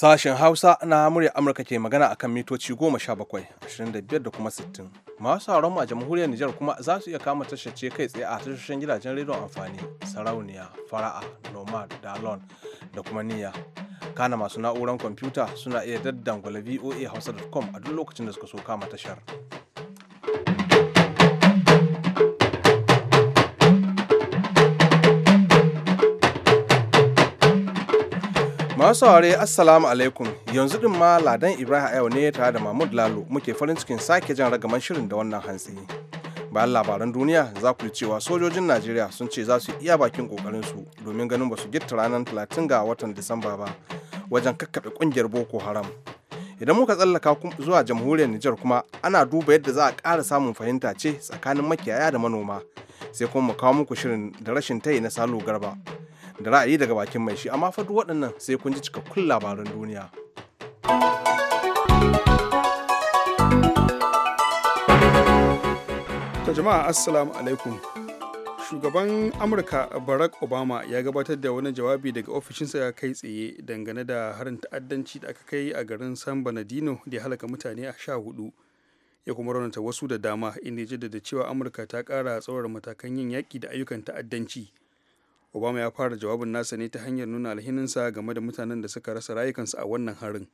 Sashen Hausa na murya Amurka ke magana a kan mitoci 17, 25 da kuma 60. Masu sauran a jamhuriyar Nijar kuma za su iya kama tashace kai tsaye a tashoshin gidajen rediyon amfani, sarauniya, fara'a, nomad, dalon da kuma niyya. Kana masu na'uran kwamfuta suna iya daddangwala voa hausa.com a duk lokacin da suka so kama tashar. Masu saurare Assalamu alaikum yanzu din ma Ladan Ibrahim yau ne tare da Mahmud Lalo muke farin cikin sake jan ragaman shirin da wannan hantsi. Bayan labaran duniya za ku ji cewa sojojin Najeriya sun ce za su iya bakin kokarin su domin ganin ba su gitta ranar talatin ga watan Disamba ba wajen kakkaɓe kungiyar Boko Haram. Idan muka tsallaka zuwa jamhuriyar Nijar kuma ana duba yadda za a ƙara samun fahimta ce tsakanin makiyaya da manoma sai kuma mu kawo muku shirin da rashin tayi na Salo Garba. da ra'ayi daga bakin mai shi amma fa duk waɗannan sai kun ji cikakkun labaran duniya. To jama'a assalamu alaikum. Shugaban Amurka Barack Obama ya gabatar da wani jawabi daga ofishinsa ya kai tsaye dangane da harin ta'addanci da aka kai a garin San Bernardino da ya halaka mutane a sha hudu. Ya kuma raunata wasu da dama inda ya jaddada cewa Amurka ta ƙara tsawar matakan yin yaƙi da ayyukan ta'addanci. obama ya fara jawabin nasa ne ta hanyar nuna alhininsa game da mutanen da suka rasa rayukansu a wannan harin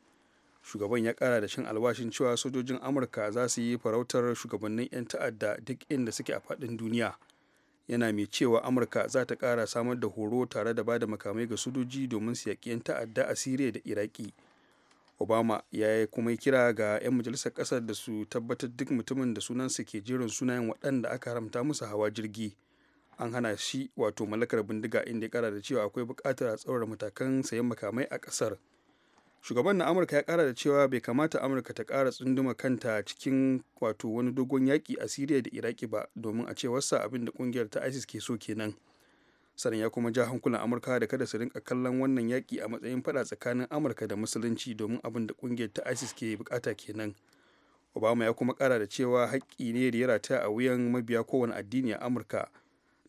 shugaban ya kara da shan alwashin cewa sojojin amurka za su yi farautar shugabannin 'yan ta'adda duk inda suke a faɗin duniya yana mai cewa amurka za ta kara samar da horo tare da bada makamai ga sojoji domin su yaƙi 'yan ta'adda a siriya da iraki obama ya yi kuma kira ga 'yan majalisar ƙasar da su tabbatar duk mutumin da sunansa ke jerin sunayen waɗanda aka haramta musu hawa jirgi an hana shi wato mallakar bindiga inda ya kara da cewa akwai bukatar a tsaurara matakan sayan makamai a kasar shugaban na amurka ya kara da cewa bai kamata amurka ta kara tsunduma kanta cikin wato wani dogon yaƙi a siriya da iraki ba domin a wasa abin da kungiyar ta isis ke so kenan sannan ya kuma ja hankulan amurka da kada su rinka kallon wannan yaƙi a matsayin fada tsakanin amurka da musulunci domin abin da kungiyar ta isis ke bukata kenan obama ya kuma kara da cewa haƙƙi ne da ya rata a wuyan mabiya kowane addini a amurka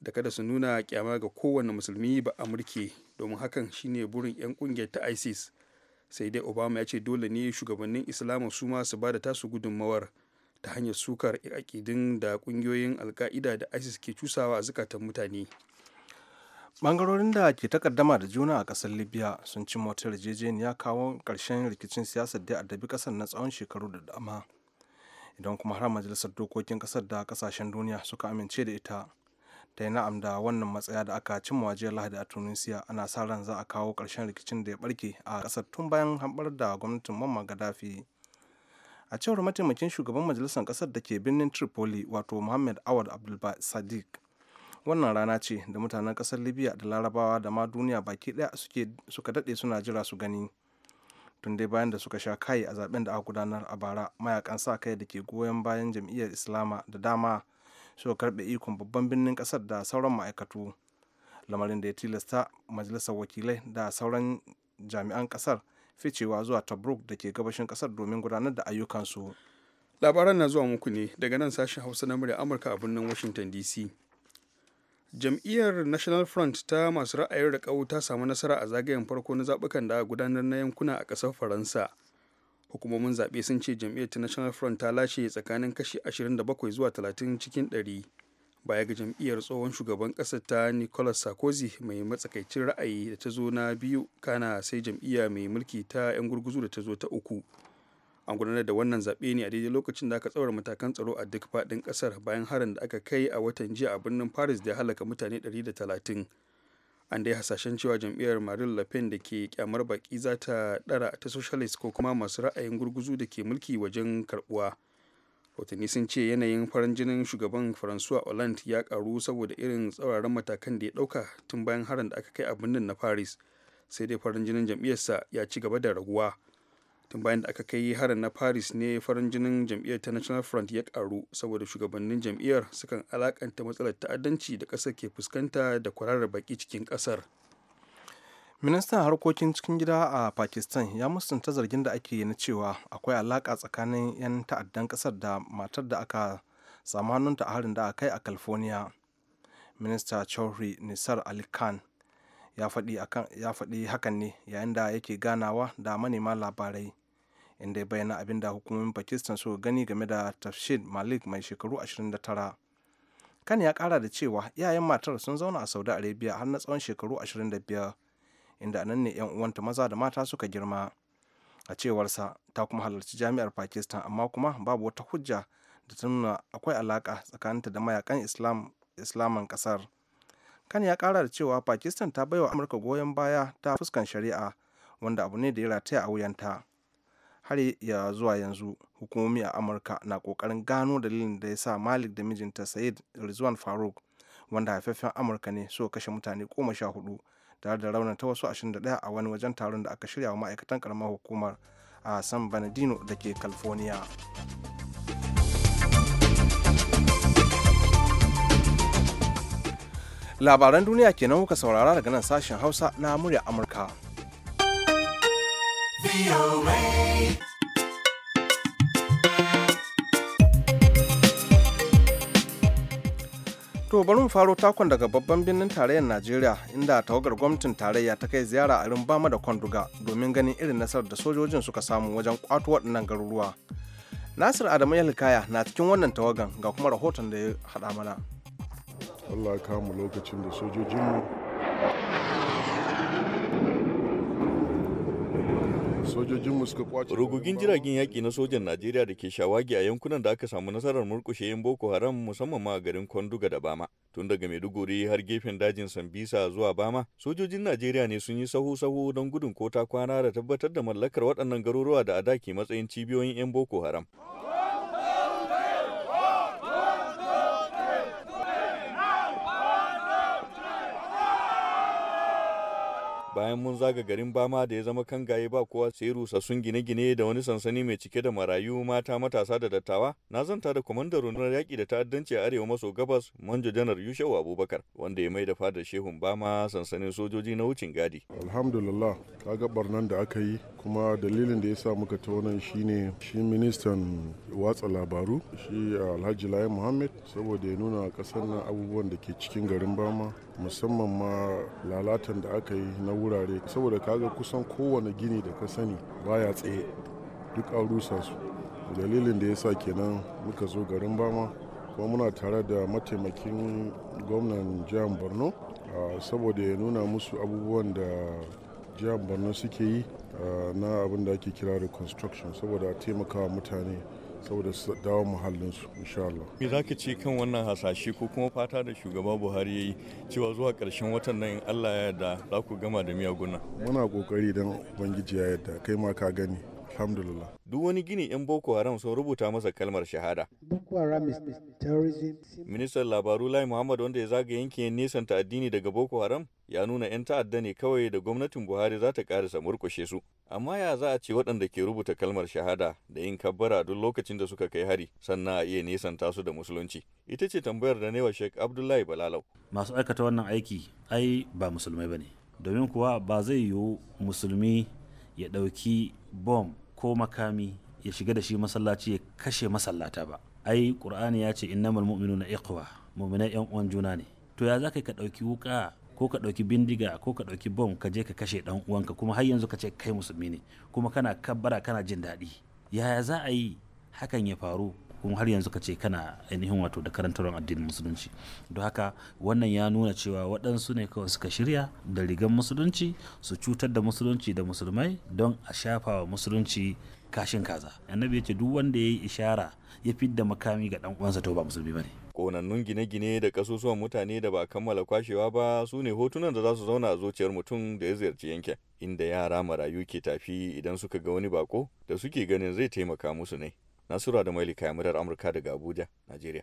da kada su nuna kyama ga kowane musulmi ba a mulki domin hakan shine burin 'yan kungiyar ta isis sai dai obama ya ce dole ne shugabannin islamu su ma su ba da tasu gudunmawar ta hanyar sukar akidin da kungiyoyin alka'ida da isis ke cusawa a zukatan mutane bangarorin da ke takaddama da juna a kasar libya sun ci motar ya kawo karshen rikicin siyasar da addabi kasar na tsawon shekaru da dama idan kuma har majalisar dokokin kasar da kasashen duniya suka amince da ita ta yi na'am da wannan matsaya da aka cimma jiya lahadi a tunisia ana sa ran za a kawo ƙarshen rikicin da ya barke a ƙasar tun bayan hambar da gwamnatin mamman gaddafi a cewar mataimakin shugaban majalisar ƙasar da ke birnin tripoli wato muhammad awad abdul sadiq wannan rana ce da mutanen ƙasar libya da larabawa da ma duniya baki ɗaya suka daɗe suna jira su gani tun dai bayan da suka sha kai a zaben da aka gudanar a bara mayakan sa kai da ke goyon bayan jam'iyyar islama da dama suka karbe ikon babban birnin kasar da sauran ma'aikatu lamarin da ya tilasta majalisar wakilai da sauran jami'an kasar ficewa zuwa tobruk da ke gabashin kasar domin gudanar da ayyukansu labaran na zuwa muku ne daga nan sashen hausa na murya amurka a birnin washington dc jam'iyyar national front ta masu ra'ayin rakau ta samu nasara a zagayen farko na zaɓukan da gudanar na yankuna a ƙasar faransa hukumomin zaɓe sun ce jam'iyyar ta national front ta lashe tsakanin kashi 27 zuwa 30 cikin 100 baya ga jam'iyyar tsohon shugaban ƙasar ta nicolas sarkozy mai matsakaicin ra'ayi da ta zo na biyu kana sai jam'iyya mai mulki ta 'yan gurguzu da ta zo ta uku an gudanar da wannan zaɓe ne a daidai lokacin da aka tsawar matakan tsaro a duk faɗin ƙasar bayan harin da aka kai a watan jiya a birnin paris da ya halaka mutane 130 an dai hasashen cewa jam'iyyar marine le da ke kyamar baki za ta dara ta socialist ko kuma masu ra'ayin gurguzu da ke mulki wajen karbuwa watanni sun ce yanayin farin jinin shugaban faransuwa hollande ya karu saboda irin tsauraran matakan da ya dauka tun bayan harin da aka kai a birnin na paris sai dai farin jinin jam'iyyarsa ya ci gaba da raguwa tun bayan da aka kai harin na paris ne farin jinin jam'iyyar ta national front ya karu saboda shugabannin jam'iyyar sukan alakanta matsalar ta'addanci da ƙasar ke fuskanta da kwararar baki cikin ƙasar ministan harkokin cikin gida a pakistan ya musanta zargin da ake na cewa akwai alaka tsakanin 'yan ta'addan kasar da matar da aka samu hannunta a harin da aka kai a california minista chowri nisar ali khan ya faɗi hakan ne yayin da yake ganawa da manema labarai inda ya bayyana abin da hukumomin pakistan suka gani game da tafshid malik mai shekaru 29 kan ya kara da cewa iyayen matar sun zauna a saudi arabia har na tsawon shekaru 25 inda nan ne yan uwanta maza da mata suka girma a cewarsa ta kuma halarci jami'ar pakistan amma kuma babu wata hujja da ta nuna akwai alaka tsakaninta da mayakan islaman kasar kan ya kara da cewa pakistan ta baiwa amurka goyon baya ta fuskan shari'a wanda abu ne da ya rataya a wuyanta har ya zuwa yanzu hukumomi a amurka na kokarin gano dalilin da ya sa malik da mijinta said rizwan faruk wanda haifafen amurka ne suka kashe mutane goma sha hudu tare da raunin ta wasu ashirin da daya a wani wajen taron da aka shirya wa ma'aikatan karamar hukumar a san benedino da ke california labaran duniya kenan kuka saurara daga nan sashen hausa na murya amurka To bari mu faro takon daga babban birnin tarayyar Najeriya inda tawagar gwamnatin tarayya ta kai ziyara a bama da Kwanduga domin ganin irin nasarar da sojojin suka samu wajen kwato waɗannan garuruwa. Nasir Adamu Yalikaya na cikin wannan tawagan ga kuma rahoton da ya haɗa mana. allah ya kama lokacin da sojojinmu rugugin jiragen yaƙi na sojan najeriya da ke shawagi a yankunan da aka samu nasarar murkushe yin boko haram musamman ma a garin kwanduga da bama tun daga maiduguri har gefen dajin sambisa zuwa bama sojojin najeriya ne sun yi sahu-sahu don gudun kota kwana da tabbatar da mallakar waɗannan garuruwa da a daki matsayin cibiyoyin 'yan boko haram bayan mun zaga garin bama da ya zama kan gaye ba kowa sai rusassun gine-gine da wani sansani mai cike da marayu mata matasa da dattawa na zanta da kwamandar rundunar yaƙi da ta'addanci a arewa maso gabas manjo janar yushewu abubakar wanda ya mai da fadar shehun bama sansanin sojoji na wucin gadi alhamdulillah ka kaga barnan da aka yi kuma dalilin da ya sa muka ta wannan shine shi ministan watsa labaru shi alhaji layi muhammad saboda ya nuna kasar nan abubuwan da ke cikin garin bama musamman ma lalatan da aka yi na wurare saboda kaga kusan kowane gini da ka sani baya tsaye duk an rusa su dalilin da ya sa kenan muka zo garin bama kuma muna tare da mataimakin gwamnan jihar borno saboda ya nuna musu abubuwan da jihar borno suke yi na abin da ake kira reconstruction saboda taimakawa mutane saboda su dawo muhallinsu insha Allah. Me zaka ka ce kan wannan hasashe ko kuma fata da shugaba Buhari yayi cewa zuwa karshen watan nan in Allah ya yarda za ku gama da miyaguna? Muna ƙoƙari dan Ubangiji ya yarda kai ma ka gani alhamdulillah duk wani gini yan boko haram sun rubuta masa kalmar shahada boko haram is terrorism ministan labaru lai muhammad wanda ya zaga yankin nisan ta addini daga boko haram ya nuna yan ta'adda ne kawai da gwamnatin buhari za ta karisa murkushe su amma ya za a ce waɗanda ke rubuta kalmar shahada da yin kabbara duk lokacin da suka kai hari sannan a iya nisan su da musulunci ita ce tambayar da newa sheikh abdullahi balalau masu aikata wannan aiki ai ba musulmai ba ne domin kuwa ba zai yiwu musulmi ya ɗauki bom ko makami ya shiga da shi masallaci ya kashe masallata ba ai qur'ani ya ce innamal mu'minuna iqwa mu'minai yan uwan juna ne to ya zaka ka dauki wuka ko ka dauki bindiga ko ka dauki bom ka je ka kashe dan uwanka kuma har yanzu ka ce kai musulmi ne kuma kana kabbara kana jin daɗi yaya za a yi hakan ya faru kuma har yanzu ka ce kana ainihin wato da karantarwar addinin musulunci don haka wannan ya nuna cewa waɗansu ne kawai suka shirya da rigan musulunci su cutar da musulunci da musulmai don a shafa wa musulunci kashin kaza annabi ya ce duk wanda ya yi ishara ya fidda makami ga dan uwansa to ba musulmi bane konannun gine-gine da kasusuwan mutane da ba kammala kwashewa ba su ne hotunan da za su zauna a zuciyar mutum da ya ziyarci yankin inda yara marayu ke tafi idan suka ga wani bako da suke ganin zai taimaka musu ne Nasura da kayan murar Amurka daga Abuja, Najeriya.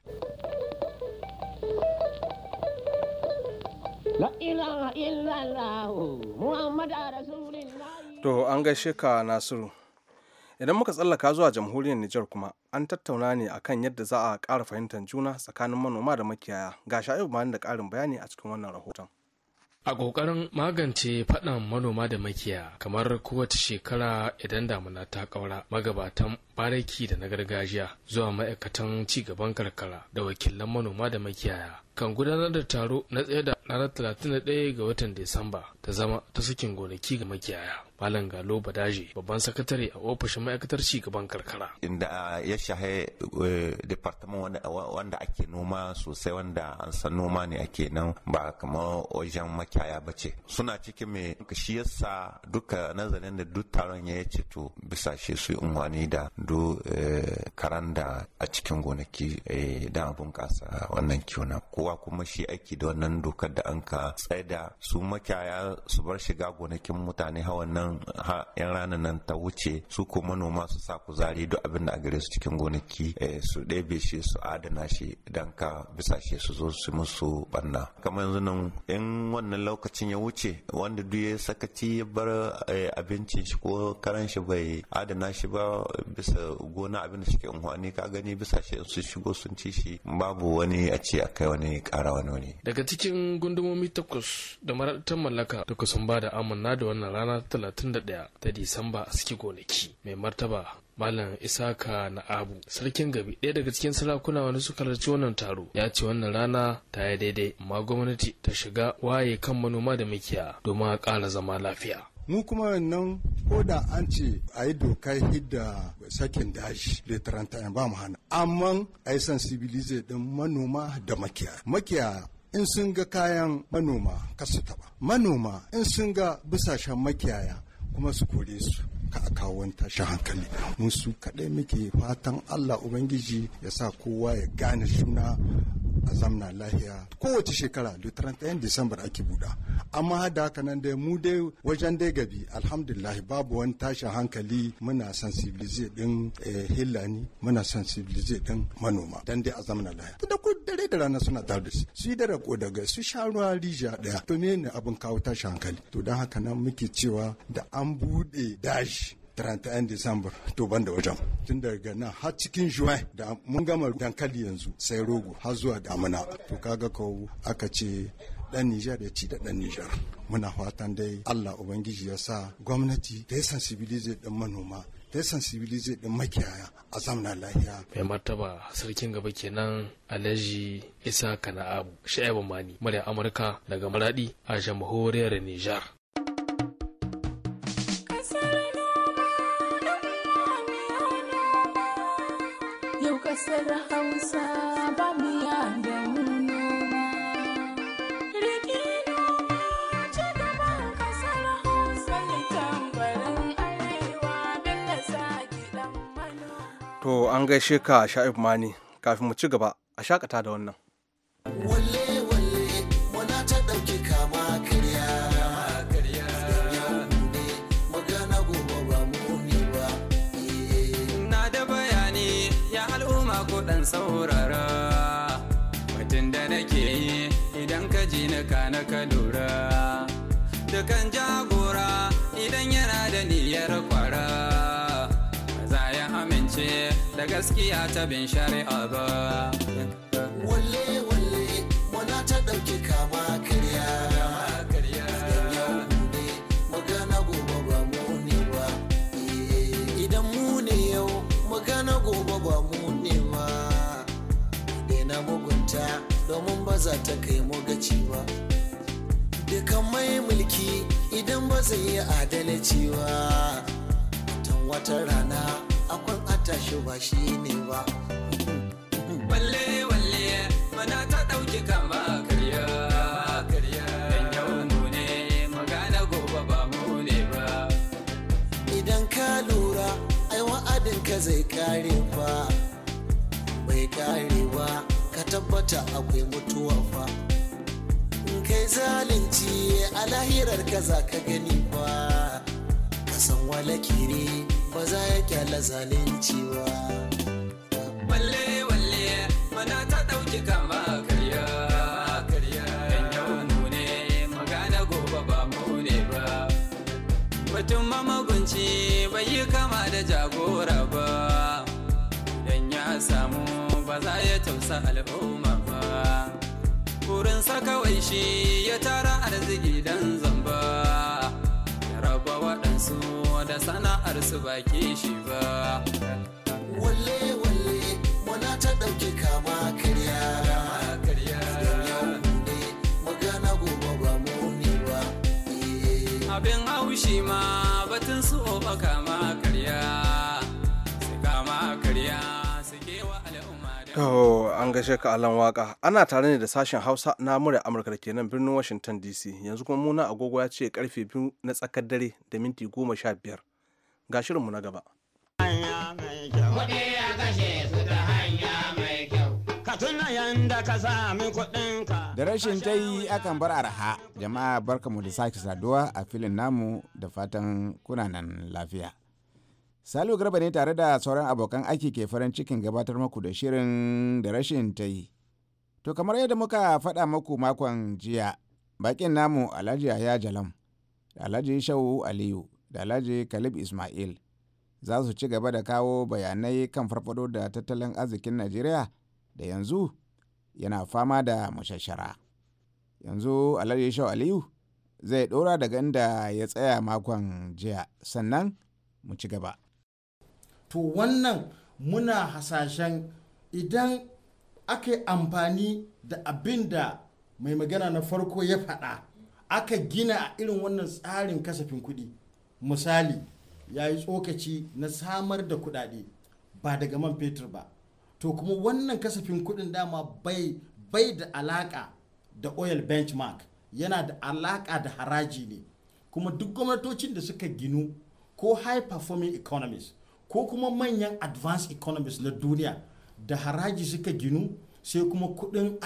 To an gaishe ka Nasiru. Idan muka tsallaka zuwa jamhuriyar Nijar kuma an tattauna ne akan yadda za a ƙara fahimtar juna tsakanin manoma da makiyaya. Ga sha'ibu bayan da ƙarin bayani a cikin wannan rahoton. A ƙoƙarin magance faɗan manoma da makiya kamar kowace shekara idan damuna ta ƙaura magabatan baraki da na gargajiya zuwa ma'aikatan cigaban karkara da wakilan manoma da makiyaya kan gudanar da taro na tsaye da ranar 31 ga watan Disamba ta zama ta sukin gonaki ga makiyaya. Malam Galo Badaje babban sakatare a ofishin ma'aikatar gaban karkara. Inda ya shahe eh, departament wanda ake noma sosai wanda an san noma ne ake nan ba kamar wajen makiyaya ba ce. Suna cikin mai shi yasa duka nazarin da duk taron ya yace to bisa shi su unwani da do eh, karan a cikin gonaki eh, da abun kasa wannan kiwon ko kowa kuma shi aiki da wannan dokar da an ka tsaida su makiyaya su bar shiga gonakin mutane hawan nan yan ranar nan ta wuce su ko manoma su sa kuzari duk abin da a gare su cikin gonaki eh, su ɗebe shi su adana shi don ka bisa shi su zo su musu banna kamar yanzu nan in wannan lokacin ya wuce wanda duk ya sakaci ya bar eh, abincin shi ko karan shi bai adana shi ba bisa gona abin da suke unhwani ka gani bisa shi su shigo sun ci shi babu wani a ce a kai wani wani wani. Daga cikin gundumomi takwas da maratar mallaka da sun ba da amanna da wannan rana talatin da ɗaya ta Disamba a suke gonaki mai martaba Malam Isaka na Abu sarkin gabi ɗaya daga cikin sarakuna wani suka halarci wannan taro ya ce wannan rana ta yi daidai amma gwamnati ta shiga waye kan manoma da mukiya domin a ƙara zama lafiya. Mu kuma nan ko da an ce a yi dokai hidda sakin daji da ba mu hana amma a yi sensibilize din manoma da makiyaya makiyaya in sun ga kayan manoma kasu taba manoma in sun ga bisashen makiyaya kuma su kore su ka a kawon tashin hankali Musu su kaɗai muke fatan allah ubangiji ya sa kowa ya gane suna. a zamna lahiya kowace shekara da 31 disambar ake buɗa amma hada haka nan dai mu dai wajen dai gabi alhamdulillah babu wani tashin hankali muna sensibilize din eh, hillani muna sensibilize din manoma dan dai a zamna lahiya da ku dare da rana suna tare da su su da rako daga su sha ruwa daya to ne abin kawo tashin hankali to dan haka nan muke cewa da an buɗe dashi 31 Disambar to ban da wajen. Tun daga nan har cikin Juin da mun gama dankali yanzu sai rogo har zuwa damuna. To kaga ko aka ce dan Nijar ya ci da dan Nijar. Muna fatan dai Allah Ubangiji ya sa gwamnati da ya sensibilize din manoma ta sensibilize din makiyaya a zamna lahiya. Mai martaba sarkin gaba kenan Alhaji Isa Kana'abu Sha'ibu Mani, murya Amurka daga Maradi a jamhuriyar Nijar. an gaishe ka sha'ib mani kafin mu ci gaba a shakata da wannan. Walle walle wana ta ɗauki kama karya. al'umma kuɗin saurara mutum da nake yi idan ka ji na ka na ka lura jagora idan yana da niyyar kwa da gaskiya ta bin shari'a ba walle walle wana ta ɗauki kama karya magana gobe ba mu eh, mugunta domin ba za ta kai mu gaci ba dukan mai mulki idan ba zai yi adalci ba Tun wata rana akwai tashi ba shi ne ba walle walle mana ta ɗauki kama karya karya dan yau mu ne magana gobe ba mu ne ba idan ka lura ai wa'adin ka zai kare fa bai kare ba ka tabbata akwai mutuwa fa kai zalunci a lahirar ka za ka gani ba ka san wala ba za ya kyala zalunci ba walle walle mana ta ɗauki kama karya karya ne magana gobe ba mu ne ba mutum magunci bai yi kama da jagora ba dan ya samu ba za ya tausa al'umma ba saka kawai shi ya tara arziki dan zamba ya raba waɗansu da sana'a jama'ar su ba shi ba walle walle muna ta ɗauki kama karya eh. abin haushi ma batun su ba kama karya su kama karya su kewa To an gashe ka alan waka ana tare ne da sashen hausa na murya amurka da kenan birnin washington dc yanzu kuma muna agogo ya ce karfe biyu na tsakar dare da minti goma sha biyar ga shirinmu na gaba da rashin ta yi akan bar arha jama'a barkamu da sake saduwa a filin namu da fatan kunanan lafiya Salo Garba ne tare da sauran abokan aiki ke farin cikin gabatar maku da shirin da rashin ta yi. To kamar yadda muka faɗa maku makon jiya, bakin namu Alhaji Yahya Jalam, Alhaji Shau Aliyu da Alhaji Kalib Ismail za su ci gaba da kawo bayanai kan farfado da tattalin arzikin Najeriya da yanzu yana fama da mashashara. Yanzu Alhaji shaw Aliyu zai ɗora daga inda ya tsaya makon jiya sannan mu ci gaba. To wannan muna hasashen idan aka yi amfani da abin da mai magana na farko ya faɗa aka gina a irin wannan tsarin kasafin kuɗi. misali ya yi tsokaci na samar da kuɗaɗe ba daga man fetur ba to kuma wannan kasafin kuɗin dama bai bai da alaƙa da oil benchmark yana da alaƙa da haraji ne kuma duk gwamnatocin da suka ginu ko high performing economies ko kuma manyan advanced economies na duniya da haraji suka ginu sai kuma kuɗin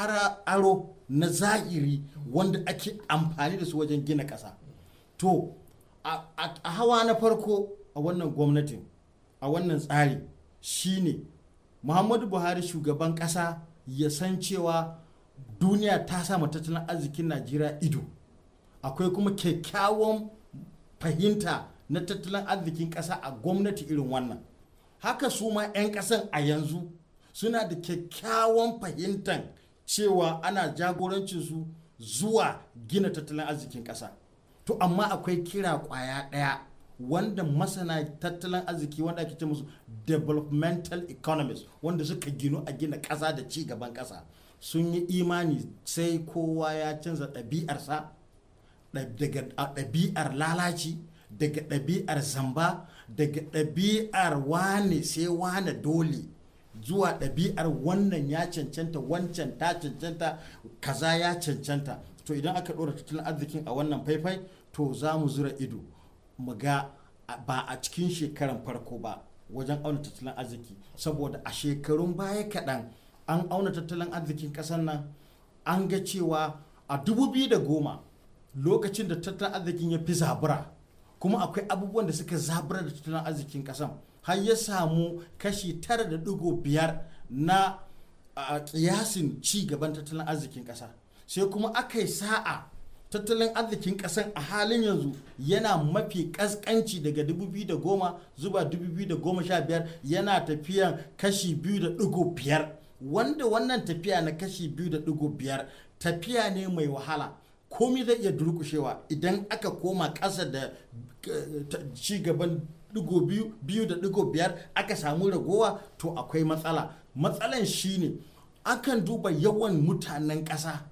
aro na zahiri wanda ake amfani da su wajen gina ƙasa to a hawa na farko a wannan gwamnatin a wannan tsari shine muhammadu buhari shugaban ƙasa ya san cewa duniya ta samu tattalin arzikin najeriya ido akwai kuma kyakkyawan fahimta na tattalin arzikin ƙasa a gwamnati irin wannan haka su ma 'yan ƙasan a yanzu suna da kyakkyawan fahimtan cewa ana jagorancin su zuwa gina tattalin arzikin ƙasa to amma akwai kira kwaya daya wanda masana tattalin arziki wanda ake ce musu developmental economists wanda suka ginu a gina kasa da ci gaban kasa sun yi imani sai kowa ya canza ɗabi'arsa daga ɗabi'ar lalaci daga ɗabi'ar zamba daga ɗabi'ar wane sai wane dole zuwa ɗabi'ar wannan ya cancanta wancan ta cancanta kaza ya cancanta to idan aka ɗora tattalin arzikin a wannan faifai to za mu zura ido mu ga ba a cikin shekaran farko ba wajen auna tattalin arziki saboda a shekarun baya kaɗan an auna tattalin arzikin ƙasar nan an ga cewa a goma lokacin da tattalin arzikin ya fi zabura kuma akwai abubuwan da suka zabura da tattalin arzikin ƙasar har ya samu kashi tara da 9.5 na kiyasin ci gaban tattalin arzikin ƙasa sai kuma aka yi sa'a tattalin arzikin kasan a halin yanzu yana mafi kaskanci daga 2010 zuwa 2015 yana tafiyan kashi 2.5 wanda wannan tafiya na kashi 2.5 tafiya ne mai wahala komi zai iya durkushewa idan aka koma ƙasa da eh, ci gaban biyar aka samu ragowa to akwai matsala matsalan shine akan duba yawan mutanen ƙasa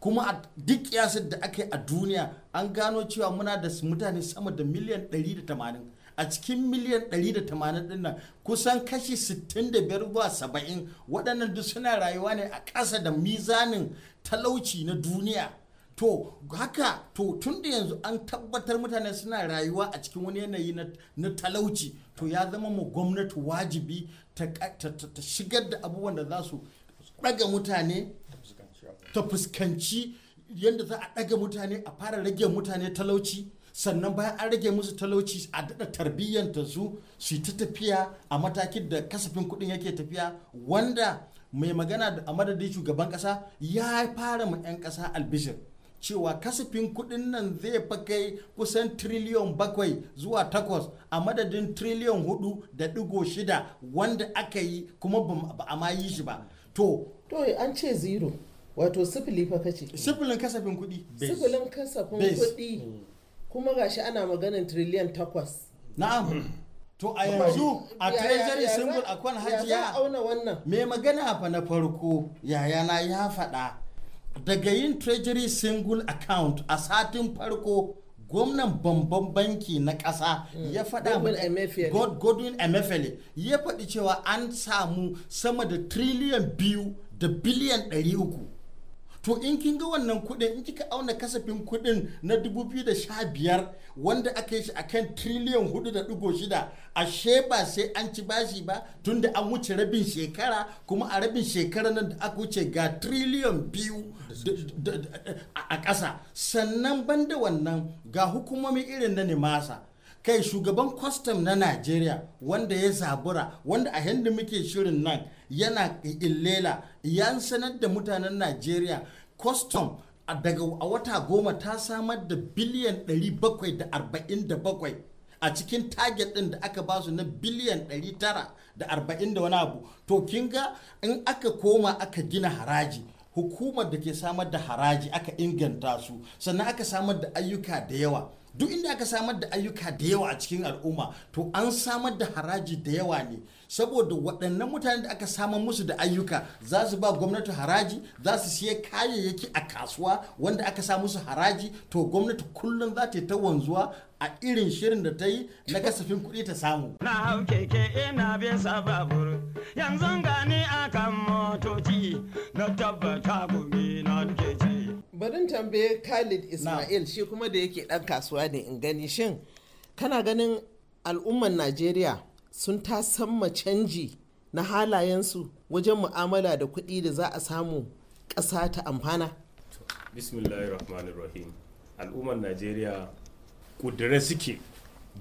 kuma a duk yasar da aka yi a duniya an gano cewa muna da mutane sama da miliyan 180 a cikin miliyan 180 din nan kusan kashi 65 zuwa 70 waɗannan duk suna rayuwa ne a ƙasa da mizanin talauci na duniya to haka to tun da yanzu an tabbatar mutane suna rayuwa a cikin wani yanayi na talauci to ya zama mu gwamnati wajibi ta shigar da abubuwan da za su ɗaga mutane ka fuskanci yadda za a ɗaga mutane a fara rage mutane talauci sannan bayan an rage musu talauci a daɗa tarbiyyanta su su ta tafiya a matakin da kasafin kuɗin yake tafiya wanda mai magana a madadin shugaban ƙasa ya fara ma 'yan ƙasa albishir cewa kasafin kuɗin nan zai fa kai kusan triliyon bakwai zuwa takwas a madadin triliyon hudu da digo shida wanda aka yi kuma ba a ma yi shi ba to to an ce zero wato sifili fa kace sifilin kasafin kuɗi sifilin kasafin kuɗi kuma gashi ana maganin triliyan takwas na'am to a yanzu a treasury symbol a kwan hajiya me mai magana fa na farko Yaya na ya faɗa daga yin treasury single account a satin farko gwamnan bamban banki na ƙasa hmm. ya faɗa godwin emefele ya faɗi cewa an samu sama da triliyan biyu da biliyan ɗari uku to in kin ga wannan kuɗin in kika auna kasafin kuɗin na 2015 wanda aka yi shi a akan triliyan 4.6 ashe ba sai an ci bashi ba tunda an wuce rabin shekara kuma a rabin shekara nan da aka wuce ga triliyan biyu a ƙasa sannan banda wannan ga hukumomi irin na nemasa kai shugaban kwastam na najeriya wanda ya zabura wanda a yadda muke shirin nan yana illela ya sanar da mutanen najeriya custom daga a wata goma ta samar da biliyan 747 a cikin target din da aka basu na biliyan 940 wani abu to kin ga in aka koma aka gina haraji hukumar da ke samar da haraji aka inganta su sannan aka samar da ayyuka da yawa duk inda aka samar da ayyuka da yawa a cikin al'umma to an samar da haraji da yawa ne saboda waɗannan mutane da aka samar musu da ayyuka za su ba gwamnati haraji za su siya kayayyaki a kasuwa wanda aka sa musu haraji to gwamnati kullum za ta yi ta wanzuwa a irin shirin da ta yi na kasafin kuɗi ta samu. Na hau keke ina bisa babur yanzu gani akan motoci na tabbata gobe. tambaye Khalid Ismail shi kuma da yake dan kasuwa ne in gani shin kana ganin al'umman Najeriya sun ta canji na halayensu wajen mu'amala da kuɗi da za a samu ƙasa ta amfana? Bismillahirrahmanirrahim. Al'ummar Najeriya ƙudure suke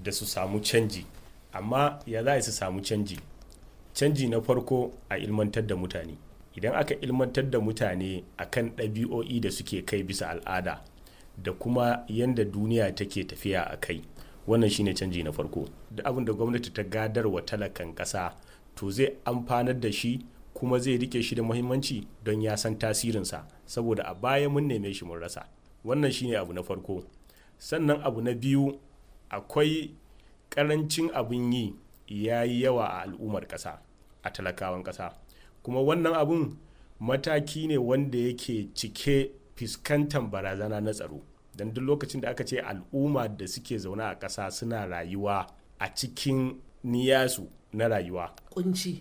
da su samu canji, amma ya za su samu canji. Canji na farko a ilmantar da mutane. idan aka ilmantar da mutane akan ɗabi'o'i da suke kai bisa al'ada da kuma yadda duniya take tafiya a kai wannan shine canji na farko da abin da gwamnati ta gadar wa talakan ƙasa to zai amfanar da shi kuma zai rike shi da muhimmanci don ya san tasirinsa saboda a baya mun neme shi mun rasa wannan shine abu na farko sannan abu na biyu akwai karancin abin yi ya yi yawa a al'ummar ƙasa a talakawan ƙasa kuma wannan abun mataki ne wanda yake cike fuskantar barazana na tsaro don duk lokacin da aka ce al'umma da suke zaune a ƙasa suna rayuwa a cikin niyasu na rayuwa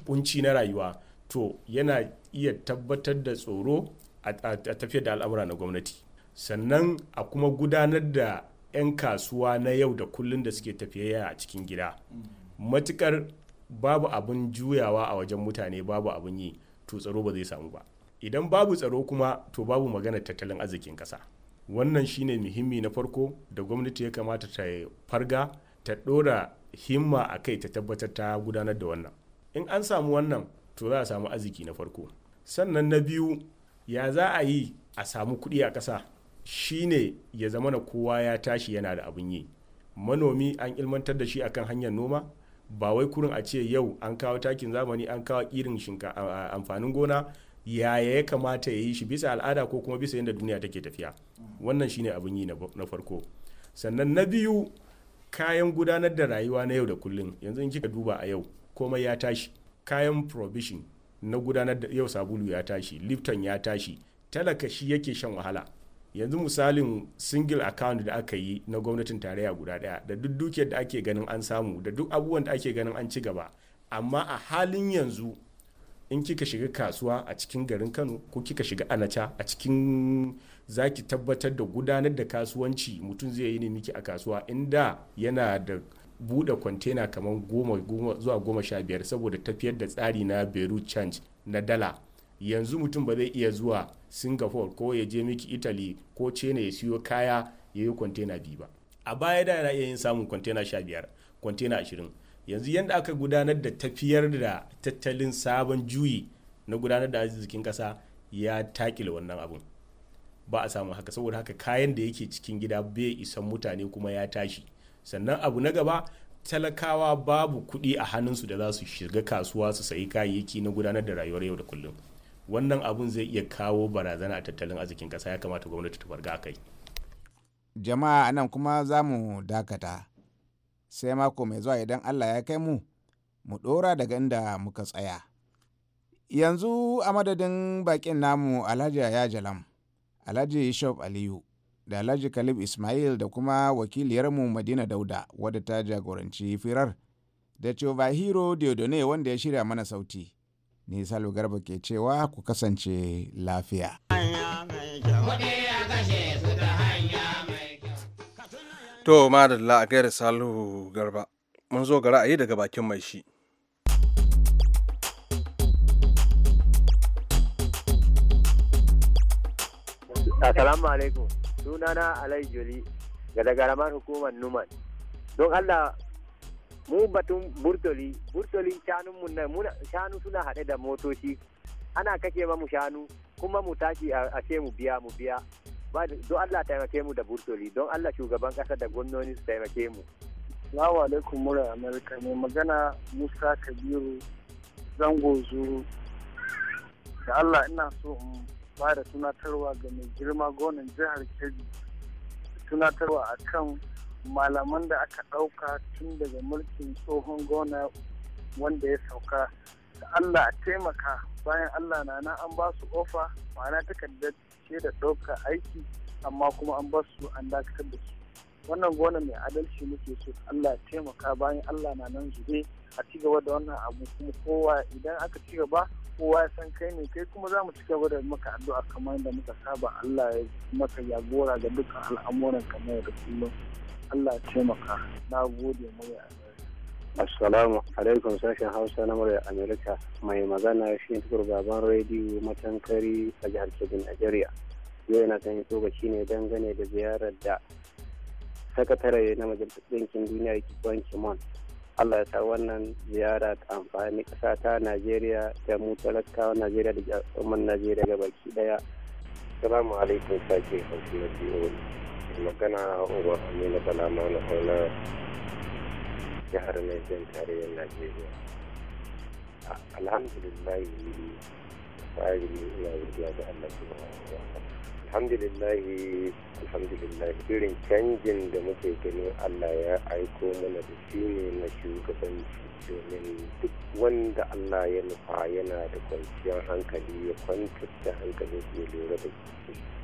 kunci na rayuwa to yana iya tabbatar da tsoro a tafiyar da al'amura na gwamnati sannan a kuma gudanar da 'yan kasuwa na yau da kullun da suke tafiyayya a cikin gida mm. matukar babu abin juyawa a wajen mutane babu abin yi to tsaro ba zai samu ba idan babu tsaro kuma to babu maganar tattalin arzikin kasa wannan shine muhimmi na farko da gwamnati ya kamata ta farga ta ɗora himma a kai ta tabbatar ta gudanar da wannan in an samu wannan to za a samu arziki na farko sannan na biyu ya za a yi a samu kuɗi a ƙasa shine ya zama na kowa ya tashi yana da abin yi manomi an ilmantar da shi akan hanyar noma ba wai kurin a ce yau an kawo takin zamani an kawo irin shinka amfanin gona yaya ya kamata ya yi shi bisa al'ada ko kuma bisa yadda duniya take tafiya wannan shine abin yi na farko sannan na biyu kayan gudanar da rayuwa na yau da kullum yanzu in kika duba a yau komai ya tashi kayan provision na gudanar da yau sabulu ya tashi lifton ya tashi talaka shi yake shan wahala yanzu misalin single account da aka yi na gwamnatin tarayya guda daya da duk dukiyar da ake ganin an samu da duk abubuwan da ake ganin an ci gaba amma a halin yanzu in kika shiga kasuwa a cikin garin kano ko kika shiga anacha a cikin zaki tabbatar da gudanar da kasuwanci mutum zai yi ne miki a kasuwa inda yana da buɗe kwantena kamar goma zuwa goma sha biyar saboda tafiyar da tsari na beirut change na dala yanzu mutum ba zai iya zuwa singapore ko ya je miki italy ko china ya siyo kaya ya yi kwantena biyu ba a baya da yana iya yin samun kwantena sha biyar kwantena ashirin yanzu yadda aka gudanar da tafiyar da tattalin sabon juyi na gudanar da arzikin kasa ya taƙile wannan abun ba a samu haka saboda haka kayan da yake cikin gida bai isan mutane kuma ya tashi sannan abu na gaba talakawa babu kuɗi a hannunsu da za su shiga kasuwa su sayi kayayyaki na gudanar da rayuwar yau da kullum wannan abun zai iya kawo barazana a tattalin arzikin ƙasa ya kamata gwamnati ta farga kai jama'a anan kuma za mu dakata sai mako mai zuwa idan allah ya kai mu mu ɗora daga inda muka tsaya yanzu a madadin bakin namu alhaji ya jalam alhaji yishof aliyu da alhaji kalib ismail da kuma wakiliyarmu madina dauda wadda ta jagoranci firar da hero diodone wanda ya shirya mana sauti ni salo garba ke cewa ku kasance lafiya to madalla a gaira salo garba mun zo a yi daga bakin mai shi Assalamu alaikum. Sunana Alai Joli daga garaman hukumar Numan. Don Allah mu batun burtoli shanun mu na shanu suna haɗe da motoci ana ma mu shanu kuma mu tashi a ce mu biya mu biya don Allah taimake mu da burtoli don Allah shugaban ƙasa da gwamnoni su taimake mu. Salamu alaikum mura America mai magana Musa Kabiru zango zuru da Allah ina so in ba da tunatarwa ga mai girma gonan jihar Kebbi tunatarwa akan malaman da aka ɗauka tun daga mulkin tsohon gona wanda ya sauka da Allah a taimaka bayan Allah na na an ba su ofa ma'ana takardar ce da ɗauka aiki amma kuma an ba su an dakatar da su wannan gona mai adalci muke so Allah ya taimaka bayan Allah na nan zube a ci gaba da wannan abu kuma kowa idan aka ci gaba kowa ya san kai ne kai kuma za mu ci gaba da maka addu'a kamar da muka saba Allah ya maka jagora ga dukkan al'amuran kamar da kullum Allah taimaka na gode murya Assalamu alaikum sashen Hausa na murya Amerika mai magana shi ne tukur baban rediyo matankari a jihar Kebbi Najeriya. Yau yana kan yi tsokaci ne dangane da ziyarar da sakatare na majalisar ɗinkin duniya yake Ban Kimon. Allah ya sa wannan ziyara ta amfani ƙasa ta Najeriya da mu talakawa Najeriya da al'ummar Najeriya baki ɗaya. Assalamu alaikum sashen Hausa na magana unguwar amina salama na sauna jihar Niger tarayyar Najeriya. Alhamdulillah tsari ina godiya ga Allah Alhamdulillah alhamdulillah irin canjin da muke gani Allah ya aiko mana da shi ne na shugabanci domin duk wanda Allah ya nufa yana da kwanciyar hankali ya kwantar da hankali ya lura da shi.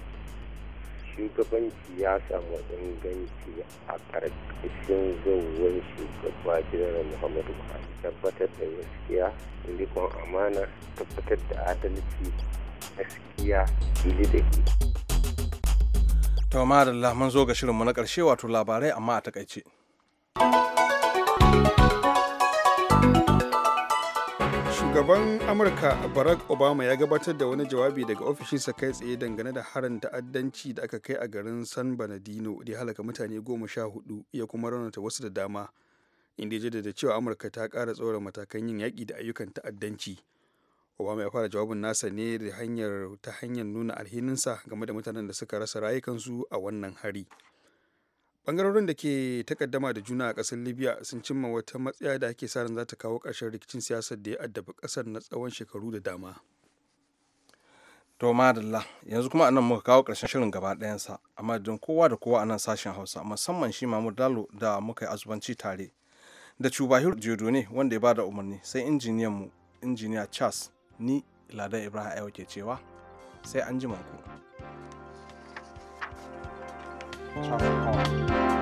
shugabanci ya samu inganci a ƙarƙashin zauwar shugaba jiran muhammadu buhari tabbatar da gaskiya rikon amana tabbatar da adalci gaskiya fili da ke to ma da mun zo ga shirinmu na ƙarshe wato labarai amma a takaice shugaban amurka barack obama ya gabatar da wani jawabi daga ofishinsa kai tsaye dangane da harin ta'addanci da aka kai a garin san banadino da ya halaka mutane goma sha hudu ya kuma raunata wasu da dama inda ya jaddada cewa amurka ta kara tsora matakan yin yaƙi da ayyukan ta'addanci obama ya fara jawabin nasa ne da hanyar ta hanyar nuna alhininsa game da mutanen da suka rasa rayukansu a wannan hari bangarorin da ke takaddama da juna a kasar libya sun cimma wata matsaya da ake sa ran za ta kawo ƙarshen rikicin siyasar da ya addabi ƙasar na tsawon shekaru da dama to madalla yanzu kuma anan muka kawo ƙarshen shirin gaba ɗayansa amma don kowa da kowa anan sashen hausa musamman shi mahmud dalo da muka yi azubanci tare da cubahir jodo ne wanda ya ba da umarni sai injiniyan mu injiniya charles ni ladan ibrahim ayo ke cewa sai an ji ku. 超级好。